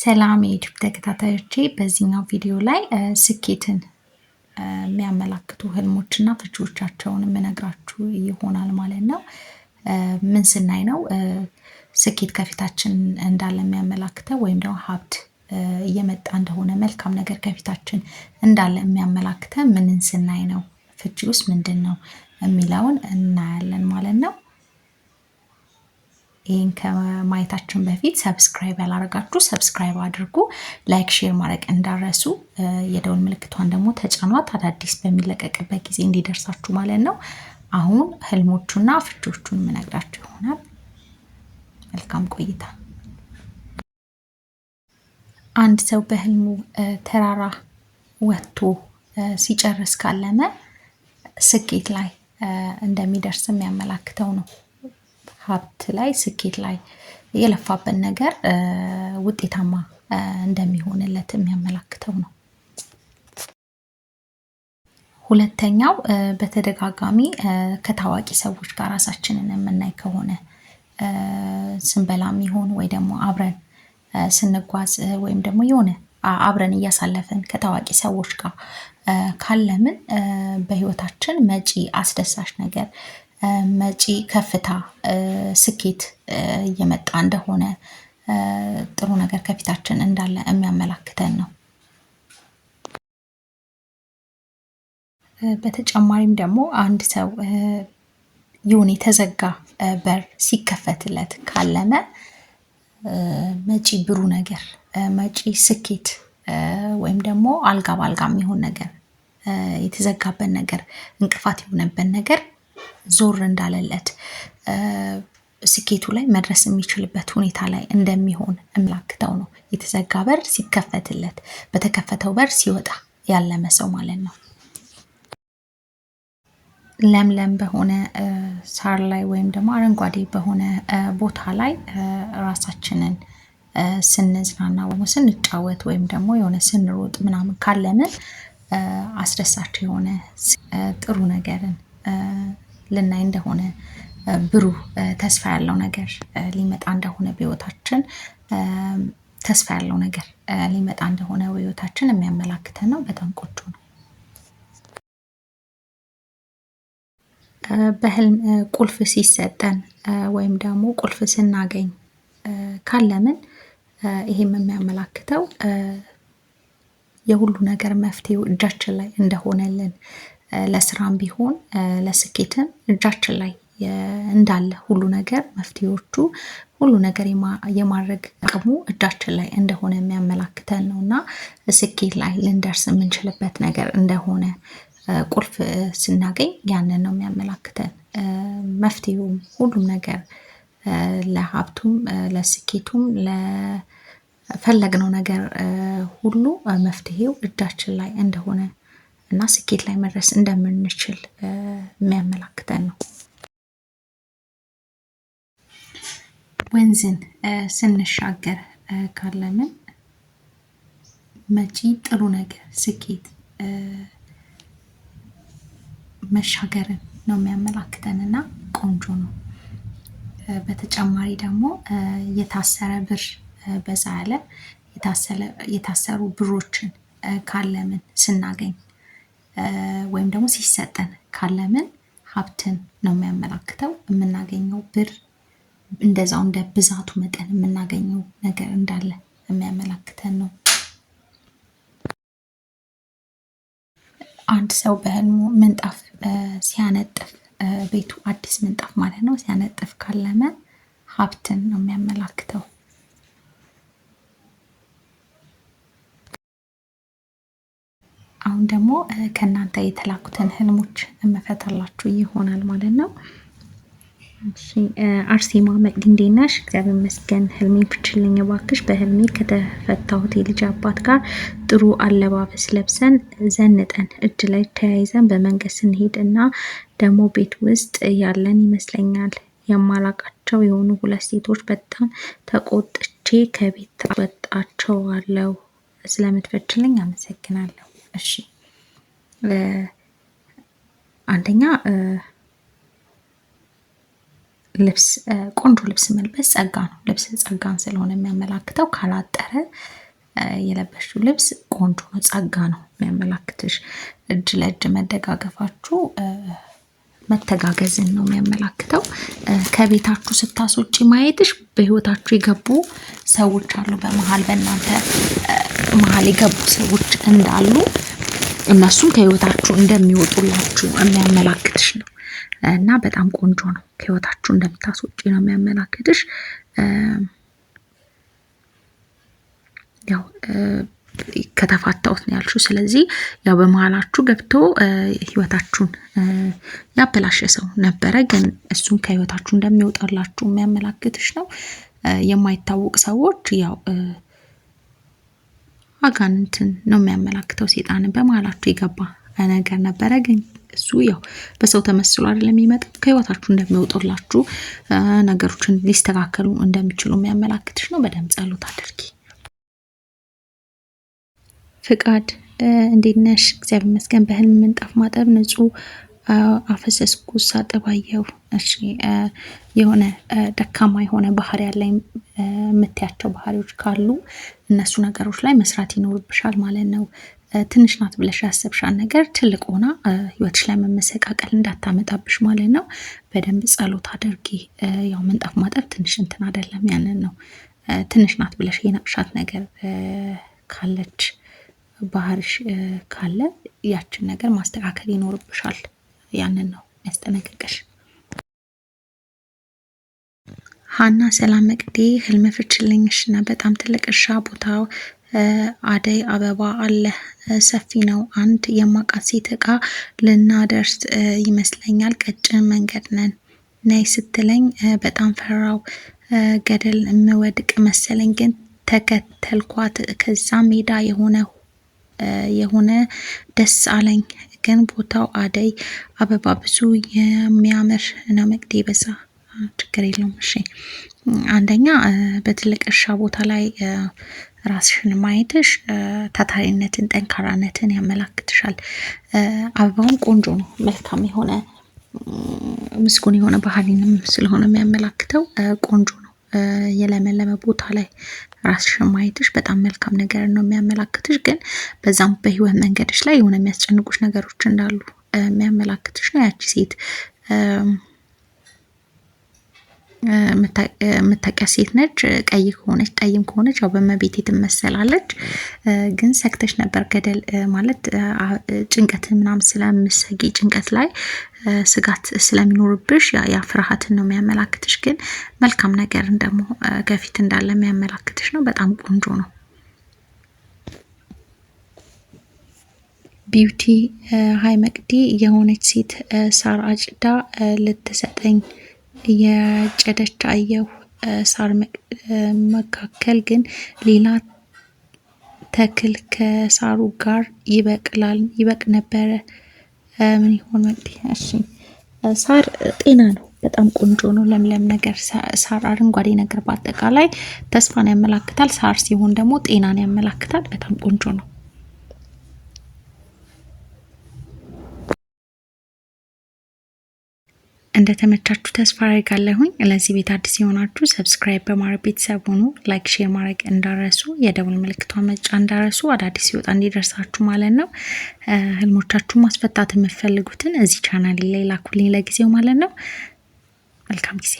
ሰላም የዩቲዩብ ተከታታዮቼ፣ በዚህኛው ቪዲዮ ላይ ስኬትን የሚያመላክቱ ህልሞችና ፍቺዎቻቸውን የምነግራችሁ ይሆናል ማለት ነው። ምን ስናይ ነው ስኬት ከፊታችን እንዳለ የሚያመላክተው ወይም ደግሞ ሀብት እየመጣ እንደሆነ መልካም ነገር ከፊታችን እንዳለ የሚያመላክተ ምንን ስናይ ነው? ፍቺ ውስጥ ምንድን ነው የሚለውን እናያለን ማለት ነው። ይህን ከማየታችን በፊት ሰብስክራይብ ያላረጋችሁ ሰብስክራይብ አድርጉ፣ ላይክ፣ ሼር ማድረግ እንዳረሱ። የደውል ምልክቷን ደግሞ ተጫኗት፣ አዳዲስ በሚለቀቅበት ጊዜ እንዲደርሳችሁ ማለት ነው። አሁን ህልሞቹና ፍቾቹን የምነግራችሁ ይሆናል። መልካም ቆይታ። አንድ ሰው በህልሙ ተራራ ወጥቶ ሲጨርስ ካለመ ስኬት ላይ እንደሚደርስም ያመላክተው ነው። ሀብት ላይ ስኬት ላይ የለፋበት ነገር ውጤታማ እንደሚሆንለት የሚያመላክተው ነው። ሁለተኛው በተደጋጋሚ ከታዋቂ ሰዎች ጋር ራሳችንን የምናይ ከሆነ ስንበላም ይሁን ወይ ደግሞ አብረን ስንጓዝ ወይም ደግሞ የሆነ አብረን እያሳለፍን ከታዋቂ ሰዎች ጋር ካለምን በህይወታችን መጪ አስደሳች ነገር መጪ ከፍታ ስኬት እየመጣ እንደሆነ ጥሩ ነገር ከፊታችን እንዳለ የሚያመላክተን ነው። በተጨማሪም ደግሞ አንድ ሰው የሆነ የተዘጋ በር ሲከፈትለት ካለመ መጪ ብሩ ነገር መጪ ስኬት ወይም ደግሞ አልጋ ባልጋ የሚሆን ነገር የተዘጋበን ነገር እንቅፋት የሆነበን ነገር ዞር እንዳለለት ስኬቱ ላይ መድረስ የሚችልበት ሁኔታ ላይ እንደሚሆን የሚያመላክተው ነው። የተዘጋ በር ሲከፈትለት፣ በተከፈተው በር ሲወጣ ያለመ ሰው ማለት ነው። ለምለም በሆነ ሳር ላይ ወይም ደግሞ አረንጓዴ በሆነ ቦታ ላይ ራሳችንን ስንዝናና ወይም ስንጫወት ወይም ደግሞ የሆነ ስንሮጥ ምናምን ካለምን አስደሳች የሆነ ጥሩ ነገርን ልናይ እንደሆነ ብሩህ ተስፋ ያለው ነገር ሊመጣ እንደሆነ በህይወታችን ተስፋ ያለው ነገር ሊመጣ እንደሆነ በህይወታችን የሚያመላክተን ነው። በጣም ቆጮ ነው። በህልም ቁልፍ ሲሰጠን ወይም ደግሞ ቁልፍ ስናገኝ ካለምን ይሄም የሚያመላክተው የሁሉ ነገር መፍትሄው እጃችን ላይ እንደሆነልን ለስራም ቢሆን ለስኬትም እጃችን ላይ እንዳለ ሁሉ ነገር መፍትሄዎቹ ሁሉ ነገር የማድረግ አቅሙ እጃችን ላይ እንደሆነ የሚያመላክተን ነው እና ስኬት ላይ ልንደርስ የምንችልበት ነገር እንደሆነ ቁልፍ ስናገኝ ያንን ነው የሚያመላክተን። መፍትሄውም ሁሉም ነገር ለሀብቱም፣ ለስኬቱም ፈለግነው ነገር ሁሉ መፍትሄው እጃችን ላይ እንደሆነ እና ስኬት ላይ መድረስ እንደምንችል የሚያመላክተን ነው። ወንዝን ስንሻገር ካለምን መጪ ጥሩ ነገር ስኬት መሻገርን ነው የሚያመላክተን እና ቆንጆ ነው። በተጨማሪ ደግሞ የታሰረ ብር በዛ ያለ የታሰሩ ብሮችን ካለምን ስናገኝ ወይም ደግሞ ሲሰጠን ካለምን ሀብትን ነው የሚያመላክተው። የምናገኘው ብር እንደዛው እንደ ብዛቱ መጠን የምናገኘው ነገር እንዳለ የሚያመላክተን ነው። አንድ ሰው በህልሙ ምንጣፍ ሲያነጥፍ ቤቱ አዲስ ምንጣፍ ማለት ነው ሲያነጥፍ ካለመ ሀብትን ነው የሚያመላክተው። ወይም ደግሞ ከእናንተ የተላኩትን ህልሞች እመፈታላችሁ ይሆናል ማለት ነው። አርሴማ መቅንዴ ነሽ። እግዚአብሔር ይመስገን። ህልሜ ፍችልኝ እባክሽ። በህልሜ ከተፈታሁት የልጅ አባት ጋር ጥሩ አለባበስ ለብሰን ዘንጠን እጅ ላይ ተያይዘን በመንገድ ስንሄድ እና ደግሞ ቤት ውስጥ ያለን ይመስለኛል የማላቃቸው የሆኑ ሁለት ሴቶች በጣም ተቆጥቼ ከቤት ወጣቸዋለሁ። ስለምትፈችልኝ አመሰግናለሁ። እሺ አንደኛ ልብስ ቆንጆ ልብስ መልበስ ጸጋ ነው። ልብስ ጸጋን ስለሆነ የሚያመላክተው ካላጠረ የለበሽው ልብስ ቆንጆ ነው፣ ጸጋ ነው የሚያመላክትሽ። እጅ ለእጅ መደጋገፋችሁ መተጋገዝን ነው የሚያመላክተው። ከቤታችሁ ስታስወጪ ማየትሽ በህይወታችሁ የገቡ ሰዎች አሉ፣ በመሀል በእናንተ መሀል የገቡ ሰዎች እንዳሉ እነሱም ከህይወታችሁ እንደሚወጡላችሁ የሚያመላክትሽ ነው እና በጣም ቆንጆ ነው። ከህይወታችሁ እንደምታስወጪ ነው የሚያመላክትሽ። ያው ከተፋታሁት ነው ያልሽው። ስለዚህ ያው በመሀላችሁ ገብቶ ህይወታችሁን ያበላሸ ሰው ነበረ፣ ግን እሱም ከህይወታችሁ እንደሚወጣላችሁ የሚያመላክትሽ ነው። የማይታወቅ ሰዎች ያው አጋንንትን ነው የሚያመላክተው። ሴጣንን በመሀላችሁ የገባ ነገር ነበረ ግን እሱ ያው በሰው ተመስሎ አይደለም የሚመጣው። ከህይወታችሁ እንደሚወጡላችሁ ነገሮችን ሊስተካከሉ እንደሚችሉ የሚያመላክትሽ ነው። በደንብ ጸሎት አድርጊ። ፍቃድ እንዴት ነሽ? እግዚአብሔር ይመስገን። በህልም ምንጣፍ ማጠብ ንጹህ አፈሰስኩ ሳጠባየው እሺ የሆነ ደካማ የሆነ ባህሪ ያለኝ የምትያቸው ባህሪዎች ካሉ እነሱ ነገሮች ላይ መስራት ይኖርብሻል ማለት ነው። ትንሽ ናት ብለሽ ያሰብሻን ነገር ትልቅ ሆና ህይወትሽ ላይ መመሰቃቀል እንዳታመጣብሽ ማለት ነው። በደንብ ጸሎት አድርጊ። ያው ምንጣፍ ማጠብ ትንሽ እንትን አይደለም፣ ያንን ነው። ትንሽ ናት ብለሽ የነቅሻት ነገር ካለች ባህርሽ ካለ ያችን ነገር ማስተካከል ይኖርብሻል። ያንን ነው ያስጠነቀቀሽ። ሀና ሰላም መቅዴ ህልም ፍችልኝሽ እና በጣም ትልቅ እርሻ ቦታው አደይ አበባ አለ ሰፊ ነው። አንድ የማቃት ሴት እቃ ልናደርስ ይመስለኛል። ቀጭን መንገድ ነን ነይ ስትለኝ በጣም ፈራው። ገደል የምወድቅ መሰለኝ ግን ተከተልኳት። ከዛ ሜዳ የሆነ የሆነ ደስ አለኝ። ግን ቦታው አደይ አበባ ብዙ የሚያምር ነው። መቅድ በዛ ችግር የለውም። እሺ አንደኛ በትልቅ እርሻ ቦታ ላይ ራስሽን ማየትሽ ታታሪነትን፣ ጠንካራነትን ያመላክትሻል። አበባውም ቆንጆ ነው። መልካም የሆነ ምስጉን የሆነ ባህሪንም ስለሆነ የሚያመላክተው ቆንጆ ነው። የለመለመ ቦታ ላይ ራስሽን ማየትሽ በጣም መልካም ነገር ነው የሚያመላክትሽ። ግን በዛም በህይወት መንገድሽ ላይ የሆነ የሚያስጨንቁሽ ነገሮች እንዳሉ የሚያመላክትሽ ነው ያቺ ሴት የምታውቂያት ሴት ነች። ቀይ ከሆነች ጠይም ከሆነች ያው በመቤቴ ትመሰላለች። ግን ሰግተሽ ነበር ገደል ማለት ጭንቀት ምናምን ስለምሰጊ ጭንቀት ላይ ስጋት ስለሚኖርብሽ ያ ፍርሃትን ነው የሚያመላክትሽ። ግን መልካም ነገርን ደግሞ ከፊት እንዳለ የሚያመላክትሽ ነው። በጣም ቆንጆ ነው። ቢዩቲ ሀይ መቅዲ የሆነች ሴት ሳር አጭዳ ልትሰጠኝ እያጨደች አየሁ። ሳር መካከል ግን ሌላ ተክል ከሳሩ ጋር ይበቅላል ይበቅ ነበረ። ምን ይሆን እሺ። ሳር ጤና ነው። በጣም ቆንጆ ነው። ለምለም ነገር ሳር፣ አረንጓዴ ነገር በአጠቃላይ ተስፋን ያመላክታል። ሳር ሲሆን ደግሞ ጤናን ያመላክታል። በጣም ቆንጆ ነው። እንደተመቻችሁ ተስፋ አድርጋለሁኝ። ለዚህ ቤት አዲስ የሆናችሁ ሰብስክራይብ በማድረግ ቤተሰብ ሆኑ። ላይክ፣ ሼር ማድረግ እንዳረሱ፣ የደውል ምልክቷ መጫ እንዳረሱ፣ አዳዲስ ሲወጣ እንዲደርሳችሁ ማለት ነው። ህልሞቻችሁ ማስፈታት የምትፈልጉትን እዚህ ቻናል ላይ ላኩልኝ። ለጊዜው ማለት ነው። መልካም ጊዜ